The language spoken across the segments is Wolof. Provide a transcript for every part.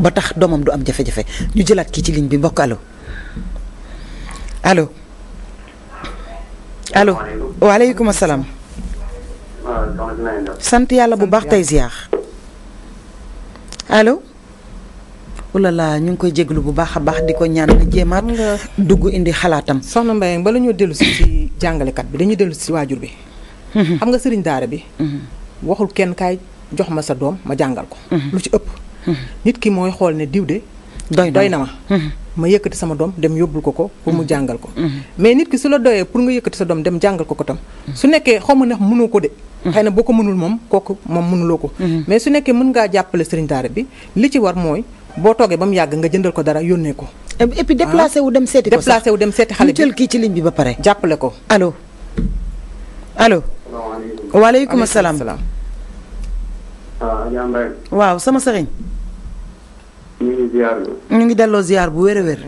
ba tax doomam du am jafe-jafe ñu jëlaat ki ci ligne bi mbokk allo allo allo waaleykum sant yàlla bu baax tey ziar. allo. ulala ñu ngi koy jéglu bu baax a baax di ko ñaan na jéemaat dugg indi xalaatam. soxna Mbaye bala ñoo dellu si ci jàngalekat bi dañuy dellusi ci waajur bi. Mhm. xam nga sëriñ daara bi. Mhm. waxul kenn kaay jox ma sa doom ma jàngal ko. Mhm. lu ci ëpp. nit ki mooy xool ne diw de. doy na ma mm-hmm. ma yëkkati sama doom dem yóbbul ko ko pour mu mm-hmm. jàngal ko. Mm-hmm. mais nit ki su la doyee pour nga yëkkati sa doom dem jàngal ko ko tam. su nekkee xaw ma ne mënoo ko de. xay na boo ko mënul moom kooku moom mënuloo ko. mais su nekkee mën ngaa jàppale sëriñ daara bi li ci war mooy boo toogee ba mu yàgg nga jëndal ko dara yónnee ko. et puis ah. wu dem seeti ko sax déplacé wu dem seeti xale bi jël kii ci bi ba pare. jàppale ko allo allo. waaleykum salaam waaleykum salaam. Ah, waaw sama sëriñ. ñu ngi ziar ñu. ñu ngi delloo ziar bu wér a wér.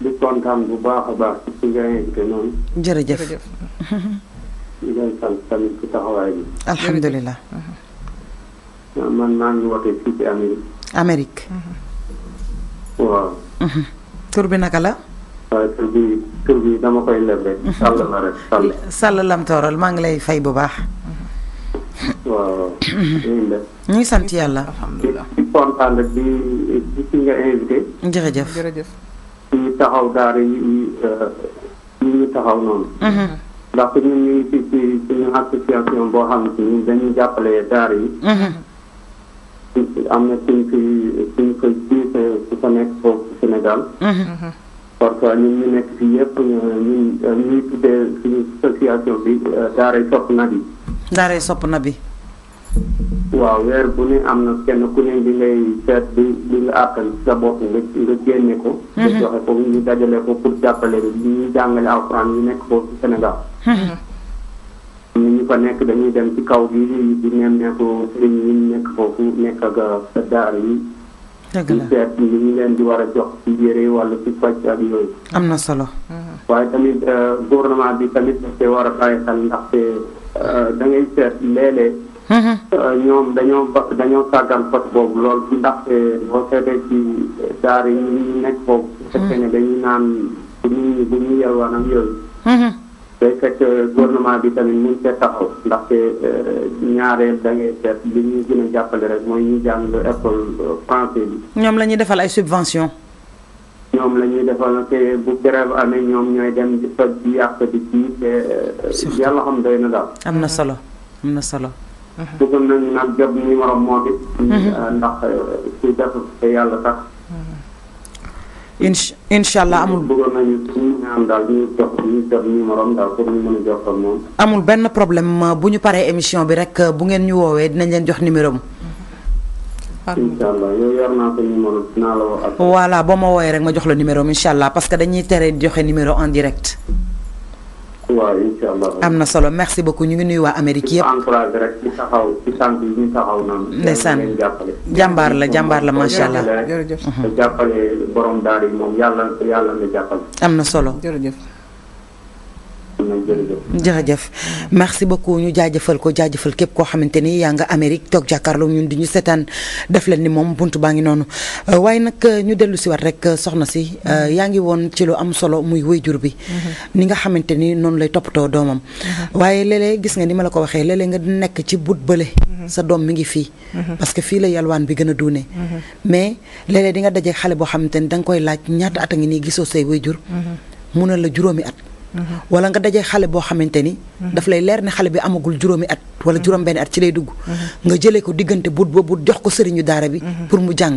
di kontaan bu baax a baax ci ki nga invité noonu. jërëjëf man maa ngi wootee fii ci la. waaye tur bi tur bi dama koy leb la rek lay fay bu baax. waaw. ñu yàlla. kontaan rek di di ki nga invité. jërëjëf jërëjëf. ci taxaw daara yi yi ñu taxaw noonu. Mhm. ndax ñun ñu ngi ci association boo xam ne dañuy jàppale daara yi. Mhm. am na suñ koy suñ koy jiite su ko nekk foofu Sénégal. Mhm. parce que ñu nekk fii yëpp ñun ñuy tuddee suñu association bi daaray sopp na bi. daaray sopp na bi. waaw weer bu ne am na kenn ku ne di ngay seet bi di nga àttan sa bopp nga nga génne ko. Mhm. nga joxe ko ñu dajale ko pour jàppale bi ñuy jàngale nekk foofu ci Sénégal. Mhm. ni ñu fa nekk dañuy dem ci kaw gi di nem nekku sëriñ yi nekk foofu nekk ak sa uh, daara yi. dëgg la seet li ñu leen di war a jox ci yére wala ci faj ak yooyu. am na solo. Mhm. waaye tamit uh, gouvernement bi tamit daf see war a bàyyi xel ndaxte uh, da dangay seet léeg Euh, ñoom dañoo ba dañoo sàggan pot boobu loolu ci ndaxte euh, boo seetee ci euh, daara yi ñu nekk foofu. bu fekkee ne dañuy naan bu ñuy bu ñuy yalwaan ak yooyu. day gouvernement bi tamit mun cee taxaw ndaxte ñaareel da ngay seet li ñuy gën jàppale rek mooy ñu jàng école français bi. ñoom la ñuy defal ay subvention ñoom la ñuy defal te bu grève amee ñoom ñooy dem di toj di yàq di yàlla xam doy na daal. am na solo am na solo. Mhm. bëggoon nañu nag jot numéro moom mhm. it. Euh, ndax su euh, def te yàlla tax. Mhm. incha incha allah amul bëggoon nañu ñaan daal ñu jox ñu jot numéro pour ñu mën a jox moom. amul benn problème bu ñu paree émission bi rek euh, bu ngeen ñu woowee dinañ leen jox numéro am. incha allah yow yor naa ko numéro dinaa la ma wooyee rek ma jox la numéro am allah parce que dañuy tere joxe numéro en direct. waaw incha allah am na solo merci beaucoup ñu ngi nuyu waa Amérique yëpp. encouragé rek ci taxaw ci tànk yi ñu taxaw noonu. ndeysaan jàmbaar la jàmbaar la macha allah jërëjëf. te jàppale borom daal yi moom yàlla yàlla na jàppale. am na solo jërëjëf merci beaucoup ñu jaajëfal ko jaajëfal képp koo xamante ni yaa nga Amérique toog jàkkaarloo ñun di ñu seetaan def leen ni moom buntu baa ngi noonu euh, waaye nag euh, ñu dellu si waat rek euh, soxna si mm-hmm. yaa ngi woon ci lu am solo muy wéyjur bi mm-hmm. ni nga xamante ni noonu lay toppatoo doomam mm-hmm. waaye léeg-léeg gis nga ni ma la ko waxee léeg-léeg nga nekk ci but bële sa doom mi ngi fii parce que fii la yalwaan bi gën a duune mais léeg-léeg di nga dajee xale boo xamante ni da nga koy laaj ñaata at a ngi nii gisoo say wéyjur wala nga daje xale boo xamante ni daf lay leer ne xale bi amagul juróomi at wala juróom benn at ci lay dugg nga jëlee ko diggante bu ba but jox ko sëriñu daara bi pour mu jàng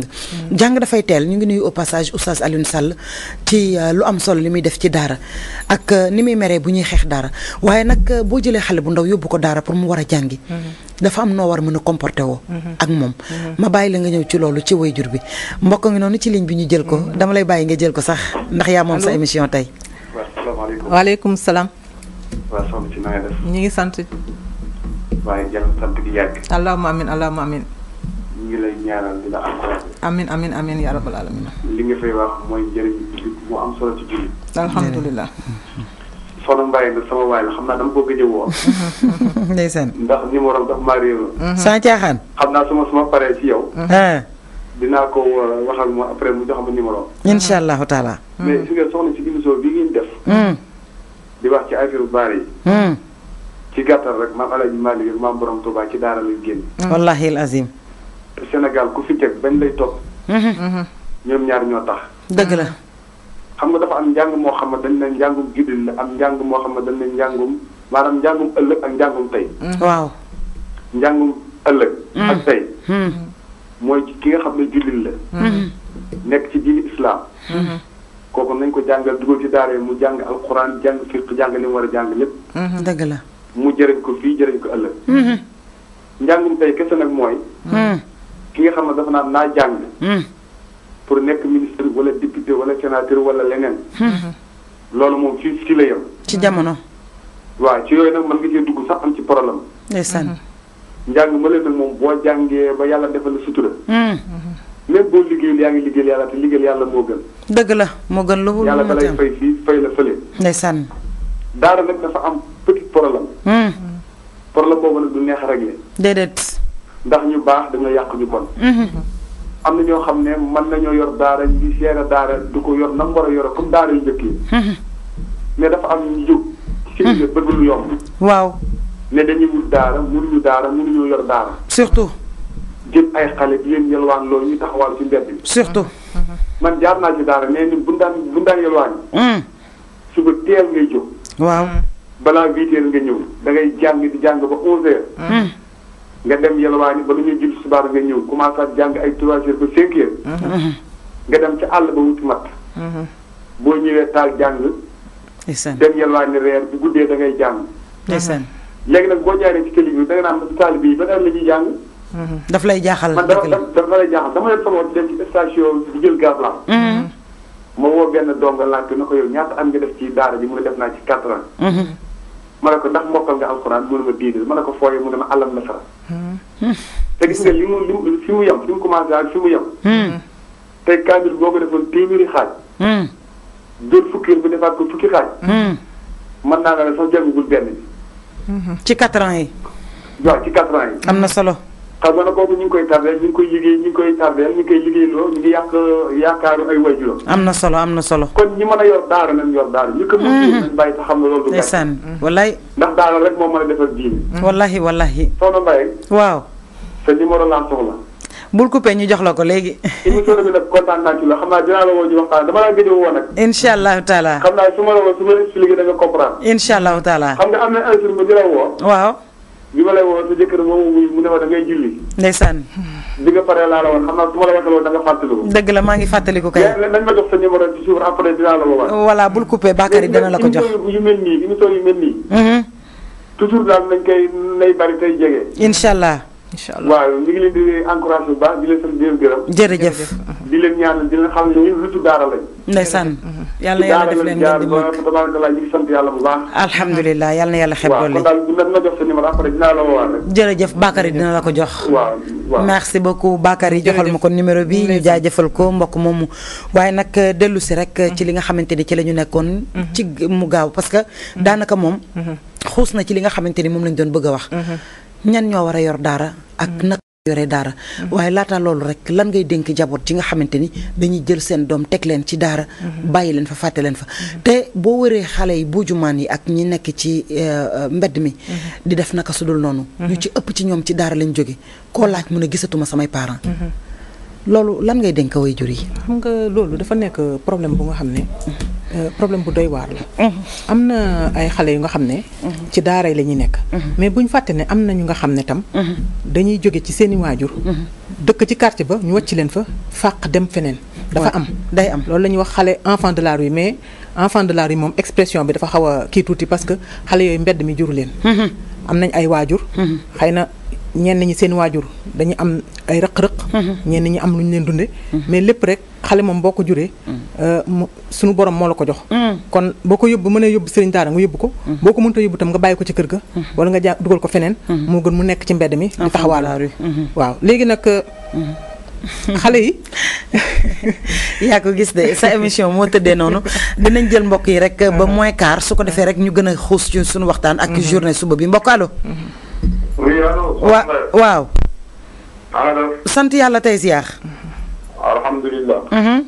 jàng dafay teel ñu ngi nuyu au passage oustaz Alioune Sall ci euh, lu am solo li muy def ci daara ak euh, ni muy meree bu ñuy xeex daara waaye nag euh, boo jëlee xale bu ndaw yóbbu ko daara pour mu war a jàngi dafa am noo war mën a comporté woo ak moom ma bàyyi la nga ñëw ci loolu ci wayjur bi mbokk ngi noonu ci ligne bi ñu jël ko dama lay bàyyi nga jël ko sax ndax yaa moom sa émission tey asalaamaaleykum salaam. waaw soxna si na def. ñu ngi sant. waaye jàll sant gi yàgg. allahumma amin allahumma amin. ñu ngi lay ñaanal di la encore. amin amin amin yaa rabbal alamin. li nga fay wax mooy njëriñ mu am solo ci jullit. alhamdulilah. Soxna Mbaye nag sama waay xam naa dama ko gëj a woo. ndeysaan. ndax numéro bi dafa mhm. caaxaan. xam naa suma suma paree ci yow. Ah. dinaa ko euh, waxal ma après mu jox ma numéro am. Mm-hmm. incha allahu taala. Mm-hmm. mais su ngeen soxna ci émission bi ngeen def. Mm-hmm. di wax ci affaire baar yi. ci gàttal rek maam El Hadj ma maam Borom Touba ci daara lañ génn. wallaahi al azim. Sénégal ku fi teg bañ lay topp. ñoom ñaar ñoo tax. dëgg la. xam nga dafa am njàng moo xam ne dañ ne njàngum giddil la am njàng moo xam ne dañ ne njàngum maanaam njàngum ëllëg ak njàngum tey. waaw njàngum ëllëg. ak tey. mooy ki nga xam ne jullit la. Mm-hmm. nekk ci diini islam. Mm-hmm. kooku nañ ko jàngal dugal ci daara mu jàng alquran jàng fiq jàng li mu war a jàng lépp. Mm-hmm. dëgg la. mu jëriñ ko fii jëriñ ko ëllëg. njàngum tey kese nag mooy. ki nga xam ne dafa naa jàng. pour nekk ministre wala député wala sénateur wala leneen. loolu moom fii fii la yem. ci jamono. waaw ci yooyu nag mën nga cee dugg sax am ci problème. ndeysaan. njàng ma leen nag moom boo jàngee ba yàlla defal la sutura. Hmm. lépp boo liggéeyul yaa ngi liggéeyal yàlla te liggéeyal yàlla moo gën. dëgg la moo gën lu mu yàlla da lay fay fii fay la fële. ndeysaan. daara nag dafa am petit problème. Hmm. problème boobu nag du neex a réglé. déedéet. ndax ñu baax dañoo yàq ñu bon. Hmm. am na ñoo xam ne man nañoo yor daara ñu seera daara du ko yor nam war a yoro comme daara yu njëkk yi. mais dafa am ñu jóg. ci bët lu yomb. waaw. ne dañuy wut daara mënuñu daara ñu yor daara. surtout. jël ay xale di leen yelwaan loolu ñu taxawal ci mbedd bi. surtout. man jaar naa ci daara nee nañ bu ñu daan bu ñu daan yelwaan. Hmm. suba teel ngay jóg. waaw. balaa huit heures nga ñëw da ngay jàng di jàng ba onze heures. Hmm. nga dem yelwaani ba lu ñuy jël subaar nga ñëw commencé at jàng ay trois heures hmm. nga dem ca àll ba wuti mat. boo ñëwee taal jàng. dem yelwaani reer bi guddee da ngay jàng. léegi nag boo jaaree ci këli bi da nga naan taal bii ban heure la ñuy jàng. Mhm. daf lay jaaxal dëgg la man dafa lay jaaxal dama leen sonal dem ci station di jël gaz la am. Mhm. ma woo benn donga laajte na ko yow ñaata am nga def ci daara ji mu ne def naa ci quatre ans. Mhm. ma ne ko ndax mokkal nga alxuraan mu ne ma diine ma ne ko fooyee mu ne ma àllam na sara. te gis nga li mu li mu fi mu yem fi mu commencé ak fi mu yem. tey kaamil boo ko defoon téeméeri xaaj. jël fukki bi defaat ko fukki xaaj. mën naa la ne sax jàngagul benn bi. ci quatre ans yi. waaw ci quatre ans am na solo. xam nga ñu ngi koy tardé ñu ngi koy liggéey ñu ngi koy tardé ñu ngi koy liggéeyloo ñu ngi yàq yaakaaru ay waajur. am na solo am na solo. kon ñi mën yor daara nañ yor daara. ñu ko mën a mm-hmm. yor nañ bàyyi te xam ne loolu. du ndeysaan wallaay. ndax daara rek moo mën a defar diin. wallahi wallahi. soxna Mbaye. waaw. sa numéro laa soxla. bul coupé ñu jox la ko léegi. émission kontaan naa ci la xam naa dinaa la woo ñu waxtaan dama la a taala. xam ma la woo da nga comprendre. incha allahu taala. xam nga na un jour ma la woo. waaw. bi ma lay woo sa jëkkër moomu mu ne ma da ngay julli. ndeysaan. bi nga paree laa la woon xam naa su ma la waxee loolu da nga fàttaliku. dëgg la maa ngi fàttaliku kay. nañ ma jox sa numéro ci suuf après la woowaat. voilà bul coupé ko jox yu mel nii émission mm-hmm. daal nañ koy nay bari tey jege. incha allah incha allah waaw bu baax di leen sant di leen ne ñun nitu daara lañ. ndeysaan yàlla na yàlla def leen ngeen di mokk ci daara la dina la ko jox. waaw waaw merci beaucoup joxal ma ko numéro bi ñu jaajëfal ko mbokk moomu. waaye nag euh, dellu si rek mm-hmm. ci li nga xamante ni ci la ñu nekkoon. Mm-hmm. ci mu gaaw parce que mm-hmm. daanaka moom. xuus na ci li nga xamante ni moom lañ doon bëgg a wax ñan ñoo war a yor daara ak mm. nag yore daara mm-hmm. waaye laata loolu rek lan ngay dénk jaboot ci nga xamante ni dañuy jël seen doom teg leen ci daara mm-hmm. bàyyi leen fa fàtte leen fa mm-hmm. te boo wëree xale yi buujumaan yi ak ñi nekk ci eh, eh, mbedd mi di def naka su dul noonu ñu ci ëpp ci ñoom ci daara lañ jóge koo laaj mu ne gisatuma samay parents loolu lan ngay dénk waajur yi xam nga loolu dafa nekk problème bu nga xam ne Euh, problème bu doy waar la. Mhm. am na ay xale yu nga xam ne. Mhm. ci daara yi la ñuy nekk. Mhm. mais buñ fàtte ne am na ñu nga xam ne tam. dañuy jóge ci seeni waajur. dëkk ci quartier ba ñu wàcc leen fa fàq dem feneen. dafa am day am loolu la ñuy wax xale enfant de la rue mais enfant de la rue moom expression bi dafa xaw a tuuti parce que xale yooyu mbedd mi juru leen. am nañ ay waajur. xëy na ñenn ñi seen waajur dañu am ay rëq-rëq. Mhm. ñenn ñi am lu ñu leen dunde mhm. mais lépp rek xale moom boo ko juree. Mhm. Euh, suñu borom moo la ko jox. kon boo ko yóbbu mënee yóbbu sëriñ daara nga yóbbu ko. boo ko mënta yóbbu tam nga bàyyi ko ci kër ga. wala nga jaa dugal ko feneen. moo gën mu nekk ci mbedd mi. di taxawaalu waaw léegi nag. Euh, xale yi yaa ko gis de sa émission moo tëddee noonu dinañ jël mbokk yi rek euh, ba mooy quart su ko defee rek ñu gën a xuus suñu waxtaan ak journée suba bi mbokk oui wa waaw. sant yàlla tey ziar. alhamdulilah. Mhm.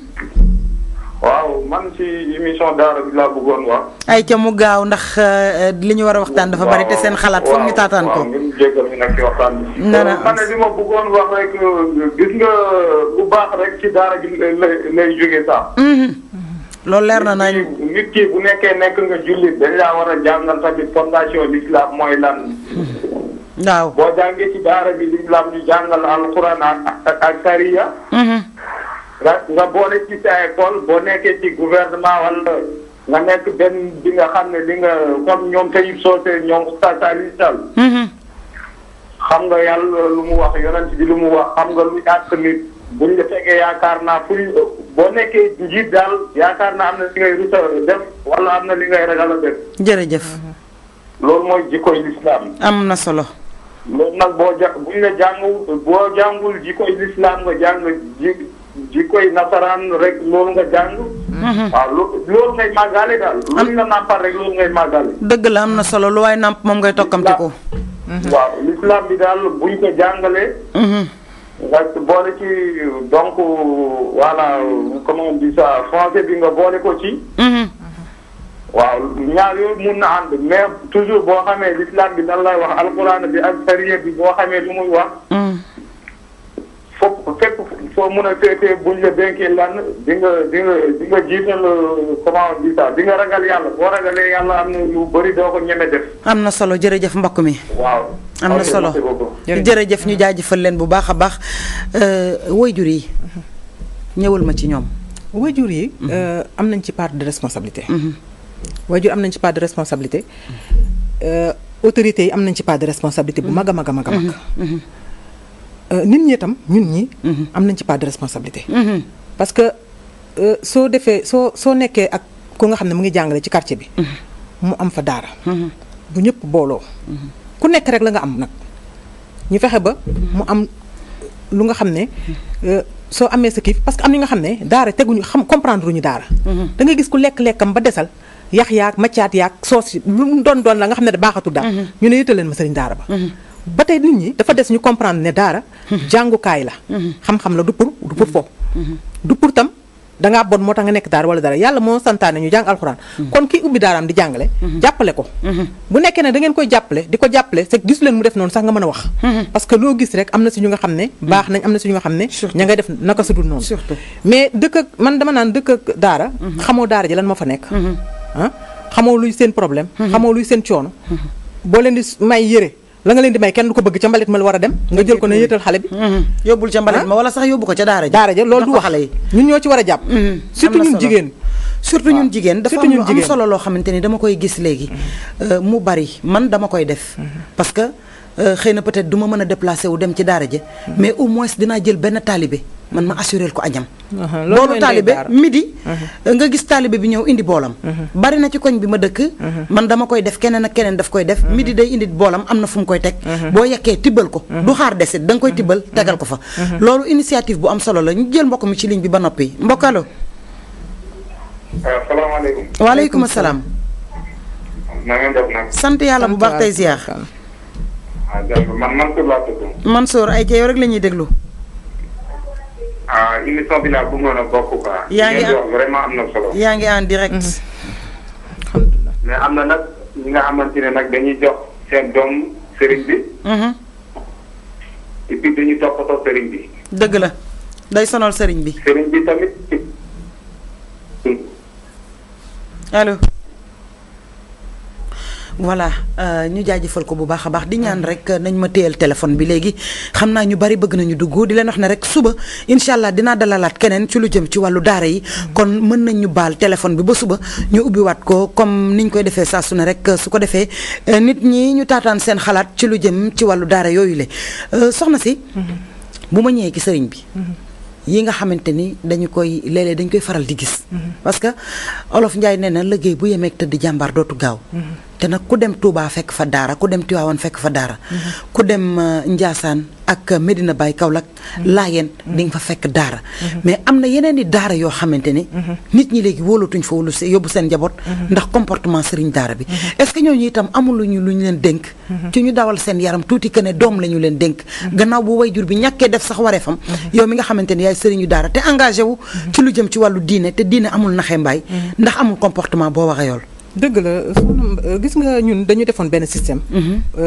waaw man ci émission daara bi laa bëggoon wax. ay ca mu gaaw ndax euh, li ñu war a waxtaan dafa bari te seen xalaat foog ñu taataan ko. waaw ngeen jéggal li ma bëggoon wax rek euh, gis nga bu baax rek ci daara gi lay lay jógee saa. Mhm. loolu leer na nañu nit ki bu nekkee nekk nga jullit dañ laa war a jàngal tamit fondation l'islam mooy lan. Mhm. waaw boo jàngee ci daara bi lislaam ñu jàngal alquran ak ak sariya. Mm-hmm. nga nga boole ci sa école boo nekkee ci gouvernement wala nga nekk benn bi nga xam ne li nga comme ñoom Taïb Socé ñoom mm-hmm. xam nga yàlla lu mu wax yonent bi lu mu wax xam nga lu àtt nit buñ la fekkee yaakaar naa fu boo nekkee njiit daal yaakaar naa am na li ngay rusa def wala am na li ngay ragal a def. jërëjëf. loolu mooy jikkoy lislaam am na solo. loolu nag boo ja buñ la jàngul boo jàngul ji koy lislaam nga jàng ji ji koy nasaraan rek loolu nga jàng. Mhm. waaw loolu ngay màggale daal. luñ la nàmpal rek loolu ngay màggale. dëgg la am na solo lu waaye nàmp moom ngay tokkamti ko. waaw lislaam bi daal buñ ko jàngalee. Mhm. nga boole ci donc voilà comment on dit ça bi nga boole ko ci. Mhm. ñaar yooyu mun na ànd mais toujours boo xamee l'islam bi lan lay wax alquran bi ak sariya bi boo xamee lu muy wax. Mm. fo fépp foo mun a seetee buñ la dénkee lan di nga di nga di euh, comment on dit ça ragal yàlla boo ragalee yàlla am na lu bëri doo ko ñeme def. am na solo jër jërëjëf mbokk mi. am na solo jëf ñu jaajëfal leen bu baax a baax euh, waajur yi ñëwal ma ci ñoom. waajur yi. Mm-hmm. Euh, am nañ ci part de responsabilité. Mm-hmm. waajur am nañ ci part de responsabilité euh, autorités yi am nañ ci part de responsabilité bu mag a mag a mag a mhm, mhm. Euh, nit ñi tam ñun ñi mhm. am nañ ci part de responsabilité parce que euh, soo defee soo soo nekkee ak ku nga xam ne mu ngi jàngale ci quartier bi mu am fa daara bu ñëpp booloo ku nekk rek la nga am nag ñu fexe ba mu am lu nga xam ne soo amee sa kiif parce que am na nga xam ne daara teguñu xam comprendre ñu daara da gis ku lekk-lekkam ba desal yax yaag macaat yaag soos lu mu doon doon la nga xam ne da baaxatul daal mhm. ñu ne yëtaleen ma sëriñ daara ba mhm. ba tey nit ñi dafa des ñu comprendre ne daara mhm. jàngukaay la xam-xam la du pour du pour foofu du pour tam dangaa bon moo tax nga nekk daara wala dara yàlla moo santaane ñu jàng alxuraan kon kii ubbi daaraam di jàngale jàppale ko bu nekkee ne da koy jàppale di ko jàppale c'est gisu mu def noonu sax nga mën a wax parce que loo gis rek am ah xamoo luy seen problème. Mm-hmm. xamoo luy seen coono. Mm-hmm. boo leen di may yére la nga leen di may kenn du ko bëgg ca mbalit ma la war a dem. nga jël ko ne yéetal xale bi. yóbbul ca mbalit ma wala sax yóbbu ko ca daara ja. daara ja loolu du wax ñun ñoo ci war a jàpp. Mm-hmm. surtout ñun jigéen. surtout ñun jigéen dafa am lu am solo loo xamante ni dama koy gis léegi. Euh, mu bari man dama koy def parce que. Euh, xëy na peut-être du ma mën a déplacé wu dem ci daara je mais au moins dinaa jël benn taalibe man ma assuré ko añam loolu taalibe midi nga gis taalibe bi ñëw indi boolam bari na ci koñ bi ma dëkk man dama koy def keneen ak keneen daf koy def midi day indi boolam am na fu mu koy teg boo yekkee tibbal ko du xaar desit da nga koy tibbal tegal ko fa loolu initiative bu am solo la ñu jël mbokk mi ci ligne bi ba noppi mbokkalo euh, salaamaaleykum a salaam na ngeen sant ah jërëjëf man Mansour laa tudd. Mansour ay ca yow rek la ñuy déglu. ah émission bi laa bëggoon a bokk quoi. yaa ngi am na solo. yaa ngi en mm-hmm. am na nag ñi nga xamante ne nag dañuy jox seen doom sëriñ bi. Mm-hmm. et puis dañuy toppatoo sëriñ bi. dëgg la day sonal sëriñ bi. sëriñ bi tamit. allo. voilà euh, ñu jaajëfal ko bu baax a baax di ñaan rek nañ ma téyal téléphone bi léegi xam naa ñu bari bëgg nañu dugg di leen wax ne rek suba incha allah dinaa dalalaat keneen ci lu jëm ci wàllu daara yi kon mën nañ ñu baal téléphone bi ba suba ñu ubbiwaat ko comme niñ koy defee saa ne rek su ko defee euh, nit ñi ñu taataan seen xalaat ci lu jëm ci wàllu daara yooyu le euh, soxna si. bu ma ñëwee ki sëriñ bi. yi nga xamante ni dañu koy léeg dañ koy faral di gis. Mm-hmm. parce que olof Njaay nee na liggéey bu yemeeg tëdd jàmbaar dootu gaaw. Mm-hmm. te nag ku dem Touba fekk fa daara ku dem Tiwaawan fekk fa daara. ku dem euh, Ndiassane ak euh, Medina Baye Kaolack. Laayeen di nga fa fekk daara. mais am na yeneen i daara yoo xamante ni. nit ñi léegi wóolatuñ fa wóolu yóbbu seen njaboot. ndax comportement sëriñ daara bi. est-ce que ñooñu itam amul lu ñu lu ñu leen dénk. ci ñu dawal seen yaram tuuti que ne doom la ñu leen dénk. gannaaw bu wayjur bi ñàkkee def sax wareefam. yow mi nga xamante ni yaay sëriñu daara te engagé wu. ci lu jëm ci wàllu diine te diine amul naxee mbaay. ndax amul comportement boo waxee yool dëgg la euh, gis nga ñun dañu defoon benn système.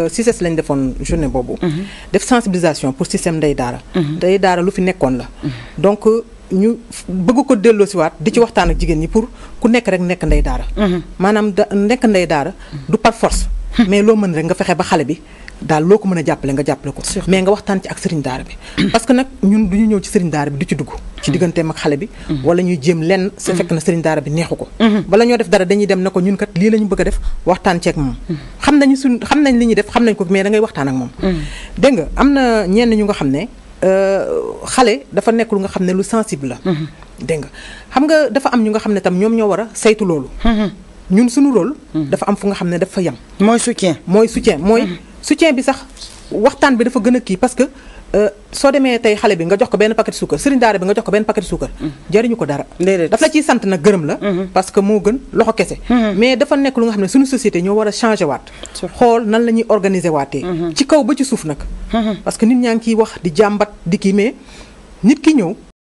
CICES mhm. euh, lañ defoon journée boobu. Mhm. def sensibilisation pour système ndey daara. Mhm. ndey daara lu fi nekkoon la. donc euh, ñu bëgg ko delloosiwaat di ci waxtaan ak jigéen ñi pour ku nekk rek nekk ndey daara. maanaam da nekk ndey daara du par hmm. mais loo mën rek nga fexe ba xale bi. daal loo ko mën a jàppale nga jàppale ko mais nga waxtaan ci ak sëriñ daara bi parce que nag ñun du ñu ñëw ci sëriñ daara bi du ci dugg ci hmm. digganteem ak xale bi hmm. wala ñuy jéem lenn su hmm. fekk na sëriñ daara bi neexu ko bala ñoo def dara dañuy dem ne ko ñun kat lii la bëgg a def waxtaan ceeg ak moom dégg nga ñu nga xam ne euh, xale dafa nekk lu nga xam ne lu sensible la dégg nga xam nga dafa am ñu nga xam ne tam ñoom ñoo war a saytu loolu ñun suñu rôle dafa fu nga xam ne dafa yam mooy soutien mooy soutien mooy su soutien bi sax waxtaan bi dafa gën a kii parce que euh, soo demee tey xale bi nga jox ko benn paquet suukar sëriñ daara bi nga jox ko benn paquet suukar mm-hmm. jariñu ko dara dafa la ciy sant na gërëm la mm-hmm. parce que moo gën loxo kese mm-hmm. mais dafa nekk lu nga xam ne suñu société ñoo war a changé waat xool nan la ñuy organiser waatee ci kaw ba ci suuf nag parce que nit ñaa ngi ciy wax di jàmbat di kii mais nit ki ñëw